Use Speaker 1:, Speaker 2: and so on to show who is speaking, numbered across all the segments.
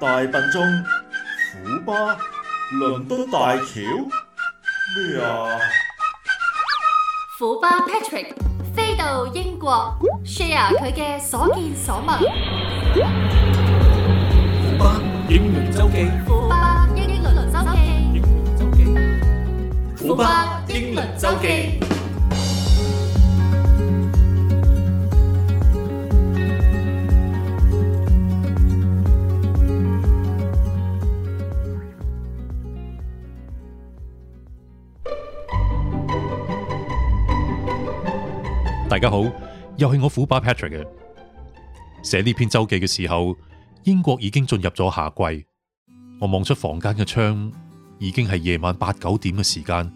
Speaker 1: 大笨鐘、虎巴、倫敦大橋，咩啊？虎巴 Patrick 飛到英國，share 佢嘅所見所聞。虎巴英倫周記，虎巴英倫周記，虎巴英倫周記。大家好，又係我苦巴 Patrick 嘅。寫呢篇周記嘅時候，英國已經進入咗夏季。我望出房間嘅窗，已經係夜晚八九點嘅時間，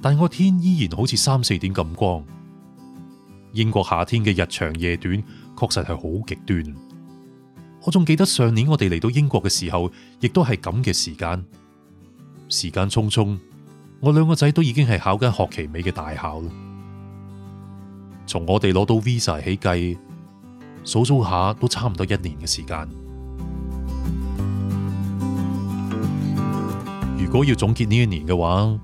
Speaker 1: 但我天依然好似三四點咁光。英國夏天嘅日長夜短，確實係好極端。我仲記得上年我哋嚟到英國嘅時候，亦都係咁嘅時間。時間匆匆，我兩個仔都已經係考緊學期尾嘅大考啦。從我哋攞到 Visa 起計，數數下都差唔多一年嘅時間。如果要總結呢一年嘅話，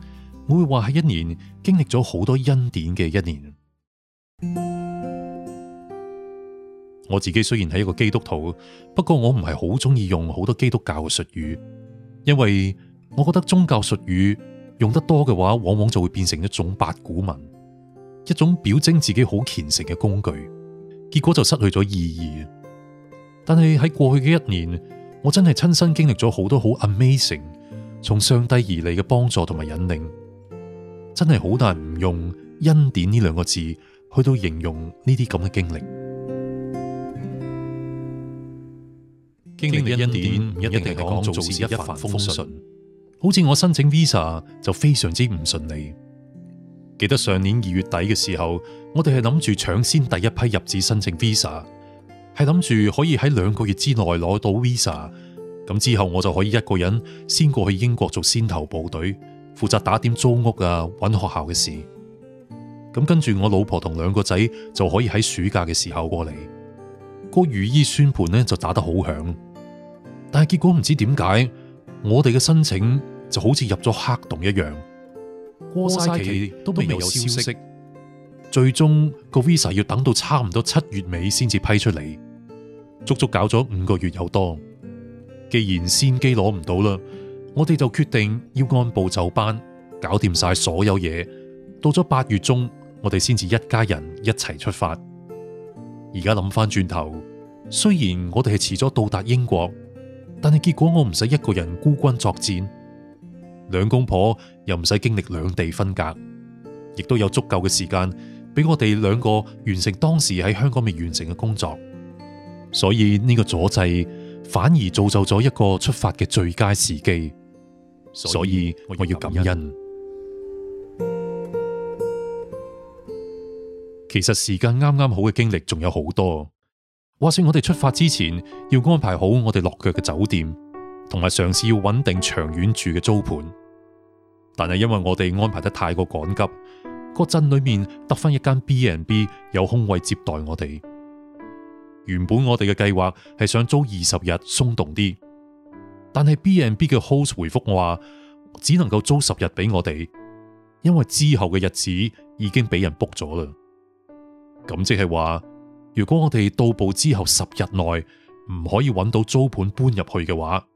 Speaker 1: 我會話係一年經歷咗好多恩典嘅一年。我自己雖然係一個基督徒，不過我唔係好中意用好多基督教嘅術語，因為我覺得宗教術語用得多嘅話，往往就會變成一種八股文。一種表徵自己好虔誠嘅工具，結果就失去咗意義。但係喺過去嘅一年，我真係親身經歷咗好多好 amazing，從上帝而嚟嘅幫助同埋引領，真係好難唔用恩典呢兩個字去到形容呢啲咁嘅經歷。經歷恩典唔一定係講做事一帆風順，好似我申請 visa 就非常之唔順利。記得上年二月底嘅時候，我哋係諗住搶先第一批入紙申請 visa，係諗住可以喺兩個月之內攞到 visa，咁之後我就可以一個人先過去英國做先頭部隊，負責打點租屋啊、搵學校嘅事。咁跟住我老婆同兩個仔就可以喺暑假嘅時候過嚟。個如意算盤呢就打得好響，但係結果唔知點解，我哋嘅申請就好似入咗黑洞一樣。過晒期都未有消息，最終個 Visa 要等到差唔多七月尾先至批出嚟，足足搞咗五個月有多。既然先機攞唔到啦，我哋就決定要按部就班，搞掂晒所有嘢，到咗八月中，我哋先至一家人一齊出發。而家諗翻轉頭，雖然我哋係遲咗到達英國，但係結果我唔使一個人孤軍作戰。兩公婆又唔使經歷兩地分隔，亦都有足夠嘅時間俾我哋兩個完成當時喺香港未完成嘅工作，所以呢個阻滯反而造就咗一個出發嘅最佳時機，所以我要感恩。其實時間啱啱好嘅經歷仲有好多。話說我哋出發之前要安排好我哋落腳嘅酒店，同埋嘗試要穩定長遠住嘅租盤。但係因為我哋安排得太過趕急，個鎮裏面得翻一間 B and B 有空位接待我哋。原本我哋嘅計劃係想租二十日鬆動啲，但係 B and B 嘅 host 回覆我話，只能夠租十日俾我哋，因為之後嘅日子已經俾人 book 咗啦。咁即係話，如果我哋到步之後十日內唔可以搵到租盤搬入去嘅話，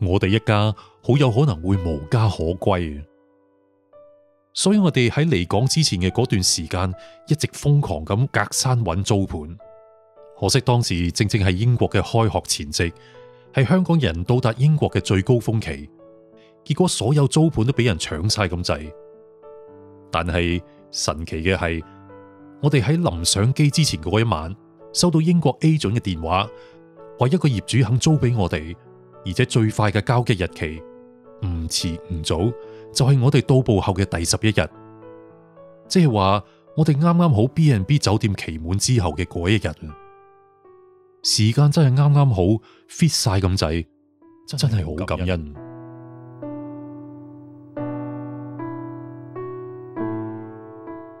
Speaker 1: 我哋一家。好有可能會無家可歸。所以我哋喺離港之前嘅嗰段時間，一直瘋狂咁隔山揾租盤。可惜當時正正係英國嘅開學前夕，係香港人到達英國嘅最高峰期。結果所有租盤都俾人搶晒咁滯。但係神奇嘅係，我哋喺臨上機之前嗰一晚，收到英國 A 準嘅電話，話一個業主肯租俾我哋，而且最快嘅交吉日期。.唔遲唔早，就係、是、我哋到埗後嘅第十一日，即係話我哋啱啱好 B n B 酒店期滿之後嘅嗰一日啊！時間真係啱啱好 fit 晒咁滯，真係好感，感恩。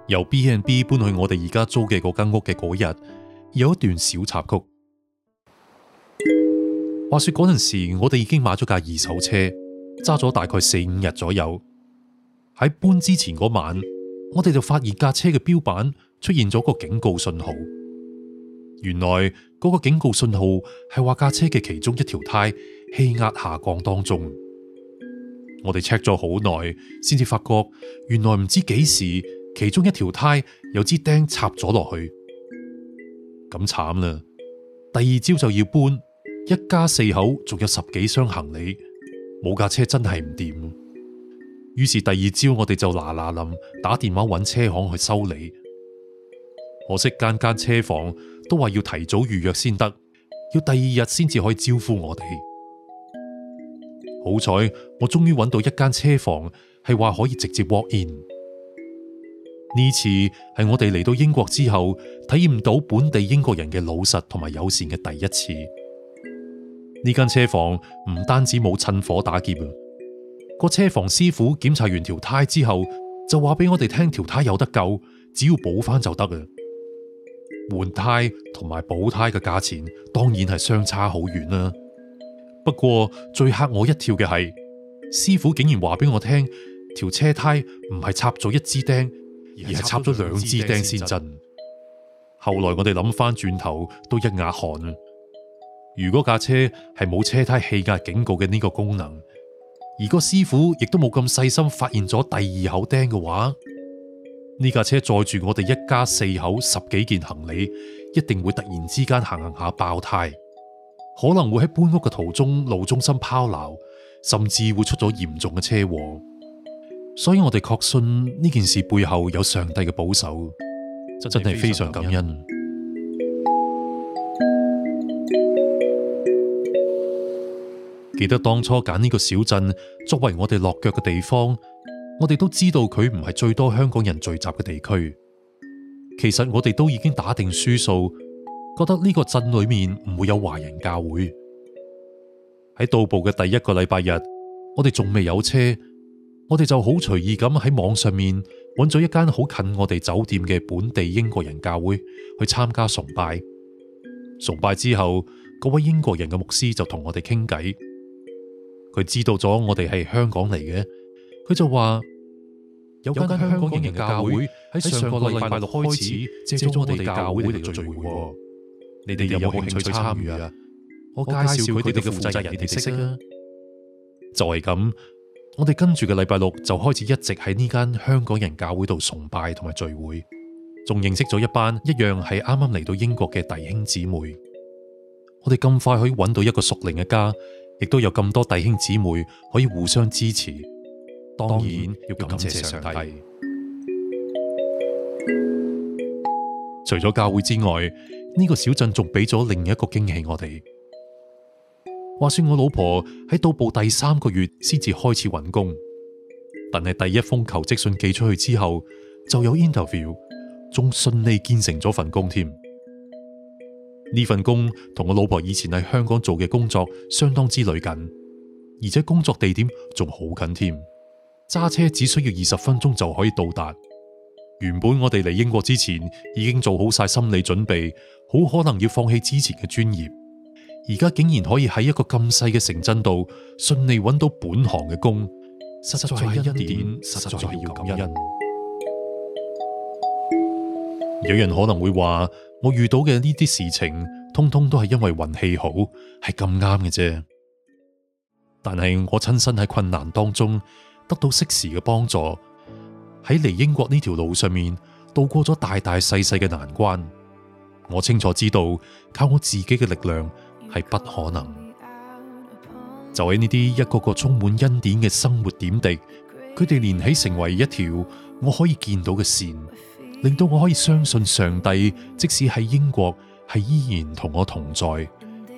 Speaker 1: 由 B n B 搬去我哋而家租嘅嗰間屋嘅嗰日，有一段小插曲。話說嗰陣時，我哋已經買咗架二手車。揸咗大概四五日左右，喺搬之前嗰晚，我哋就發現架車嘅標板出現咗個警告信號。原來嗰個警告信號係話架車嘅其中一條呔氣壓下降當中。我哋 check 咗好耐，先至發覺原來唔知幾時，其中一條呔有支釘插咗落去。咁慘啦！第二朝就要搬，一家四口，仲有十幾箱行李。冇架車真係唔掂，於是第二朝我哋就嗱嗱冧打電話搵車行去修理，可惜間間車房都話要提早預約先得，要第二日先至可以招呼我哋。好彩我終於搵到一間車房，係話可以直接 walk in。呢次係我哋嚟到英國之後體驗到本地英國人嘅老實同埋友善嘅第一次。呢間車房唔單止冇趁火打劫，個車房師傅檢查完條胎之後，就話俾我哋聽條胎有得救，只要補翻就得啊。換胎同埋補胎嘅價錢當然係相差好遠啦。不過最嚇我一跳嘅係，師傅竟然話俾我聽條車胎唔係插咗一支釘，而係插咗兩支釘先真。後來我哋諗翻轉頭都一額汗。如果架車係冇車胎氣壓警告嘅呢個功能，而個師傅亦都冇咁細心發現咗第二口釘嘅話，呢架車載住我哋一家四口十幾件行李，一定會突然之間行行下爆胎，可能會喺搬屋嘅途中路中心拋錨，甚至會出咗嚴重嘅車禍。所以我哋確信呢件事背後有上帝嘅保守，真係非常感恩。記得當初揀呢個小鎮作為我哋落腳嘅地方，我哋都知道佢唔係最多香港人聚集嘅地區。其實我哋都已經打定輸數，覺得呢個鎮裏面唔會有華人教會。喺到步嘅第一個禮拜日，我哋仲未有車，我哋就好隨意咁喺網上面搵咗一間好近我哋酒店嘅本地英國人教會去參加崇拜。崇拜之後，嗰位英國人嘅牧師就同我哋傾偈。佢知道咗我哋係香港嚟嘅，佢就話有間香港人嘅教會喺上個禮拜六開始借咗我哋教會嚟個聚會，你哋有冇興趣參與啊？我介紹佢哋嘅負責人，你哋識啊。就係咁，我哋跟住嘅禮拜六就開始一直喺呢間香港人教會度崇拜同埋聚會，仲認識咗一班一樣係啱啱嚟到英國嘅弟兄姊妹。我哋咁快可以搵到一個屬靈嘅家。亦都有咁多弟兄姊妹可以互相支持，當然要感謝上帝。上帝除咗教會之外，呢、呢個小鎮仲俾咗另一個驚喜我哋。話說我老婆喺到步第三個月先至開始搵工，但係第一封求職信寄出去之後就有 interview，仲順利建成咗份工添。呢份工同我老婆以前喺香港做嘅工作相當之類近，而且工作地點仲好近添，揸車只需要二十分鐘就可以到達。原本我哋嚟英國之前已經做好晒心理準備，好可能要放棄之前嘅專業，而家竟然可以喺一個咁細嘅城鎮度順利揾到本行嘅工，
Speaker 2: 實在係恩典，
Speaker 1: 實在要感恩。有人可能會話，我遇到嘅呢啲事情，通通都係因為運氣好，係咁啱嘅啫。但係我親身喺困難當中得到適時嘅幫助，喺嚟英國呢條路上面度過咗大大細細嘅難關。我清楚知道靠我自己嘅力量係不可能。就喺呢啲一個個充滿恩典嘅生活點滴，佢哋連起成為一條我可以見到嘅線，令到我可以相信上帝，即使喺英國，係依然同我同在，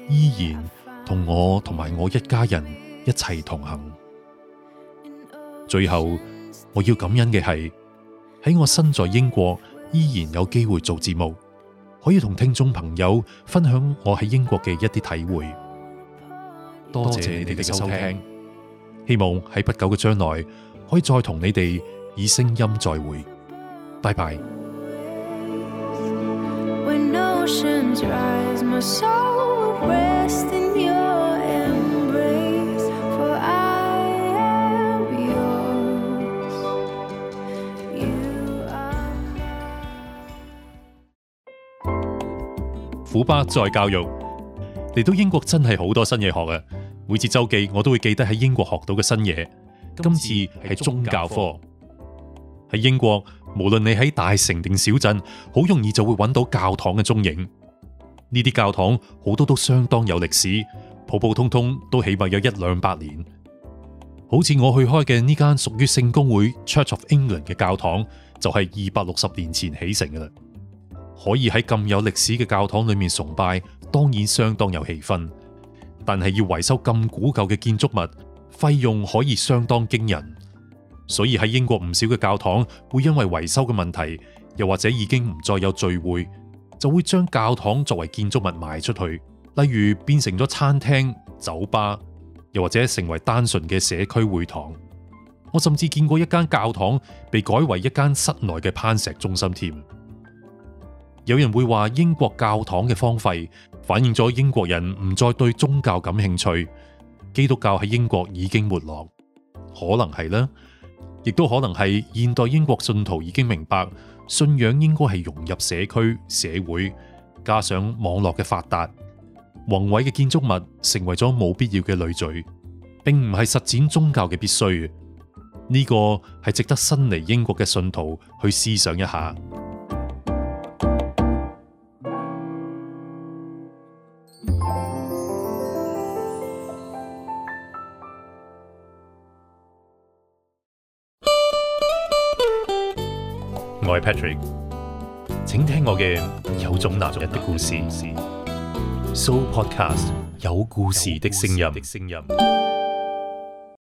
Speaker 1: 依然同我同埋我一家人一齊同行。最後，我要感恩嘅係喺我身在英國，依然有機會做節目，可以同聽眾朋友分享我喺英國嘅一啲體會。多謝你哋嘅收聽，希望喺不久嘅將來可以再同你哋以聲音再會。Bye bye。虎 you are... 巴再教育嚟到英國真係好多新嘢學啊！每次周記我都會記得喺英國學到嘅新嘢。今次係宗教科。喺英國，無論你喺大城定小鎮，好容易就會揾到教堂嘅蹤影。呢啲教堂好多都相當有歷史，普普通通都起碼有一兩百年。好似我去開嘅呢間屬於聖公會 Church of England 嘅教堂，就係二百六十年前起成嘅啦。可以喺咁有歷史嘅教堂裏面崇拜，當然相當有氣氛。但係要維修咁古舊嘅建築物，費用可以相當驚人。所以喺英國唔少嘅教堂會因為維修嘅問題，又或者已經唔再有聚會，就會將教堂作為建築物賣出去，例如變成咗餐廳、酒吧，又或者成為單純嘅社區會堂。我甚至見過一間教堂被改為一間室內嘅攀石中心添。有人會話英國教堂嘅荒廢反映咗英國人唔再對宗教感興趣，基督教喺英國已經沒落，可能係啦。亦都可能係現代英國信徒已經明白，信仰應該係融入社區、社會，加上網絡嘅發達，宏偉嘅建築物成為咗冇必要嘅累贅，並唔係實踐宗教嘅必須。呢個係值得新嚟英國嘅信徒去思想一下。請聽我嘅有種男人的故事，So Podcast 有故事的聲音。